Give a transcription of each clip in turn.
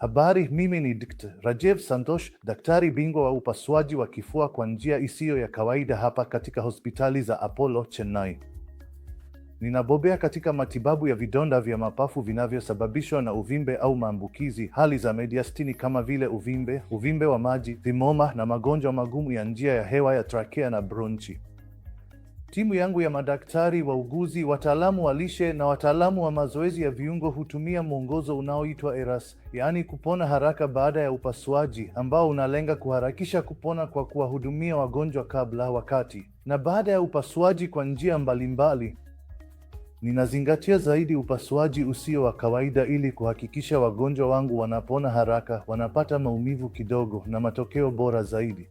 Habari, mimi ni Dkt. rajev Santosh, daktari bingwa wa upasuaji wa kifua kwa njia isiyo ya kawaida hapa katika hospitali za Apollo Chennai. Ninabobea katika matibabu ya vidonda vya mapafu vinavyosababishwa na uvimbe au maambukizi, hali za mediastini kama vile uvimbe, uvimbe wa maji, thimoma na magonjwa magumu ya njia ya hewa ya trakea na bronchi. Timu yangu ya madaktari, wauguzi, wataalamu wa lishe na wataalamu wa mazoezi ya viungo hutumia mwongozo unaoitwa ERAS, yaani kupona haraka baada ya upasuaji, ambao unalenga kuharakisha kupona kwa kuwahudumia wagonjwa kabla, wakati na baada ya upasuaji kwa njia mbalimbali. Ninazingatia zaidi upasuaji usio wa kawaida ili kuhakikisha wagonjwa wangu wanapona haraka, wanapata maumivu kidogo na matokeo bora zaidi.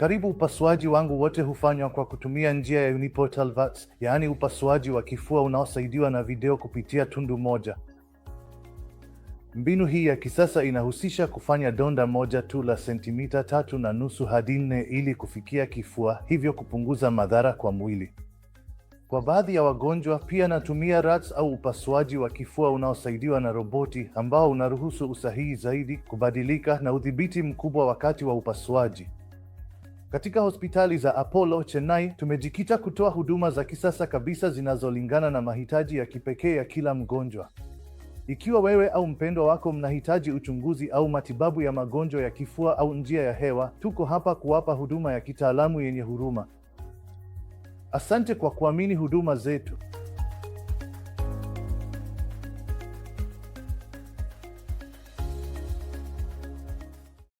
Karibu upasuaji wangu wote hufanywa kwa kutumia njia ya uniportal VATS, yaani upasuaji wa kifua unaosaidiwa na video kupitia tundu moja. Mbinu hii ya kisasa inahusisha kufanya donda moja tu la sentimita tatu na nusu hadi nne ili kufikia kifua, hivyo kupunguza madhara kwa mwili. Kwa baadhi ya wagonjwa pia natumia RATS au upasuaji wa kifua unaosaidiwa na roboti ambao unaruhusu usahihi zaidi, kubadilika na udhibiti mkubwa wakati wa upasuaji. Katika hospitali za Apollo Chennai tumejikita kutoa huduma za kisasa kabisa zinazolingana na mahitaji ya kipekee ya kila mgonjwa. Ikiwa wewe au mpendwa wako mnahitaji uchunguzi au matibabu ya magonjwa ya kifua au njia ya hewa, tuko hapa kuwapa huduma ya kitaalamu yenye huruma. Asante kwa kuamini huduma zetu.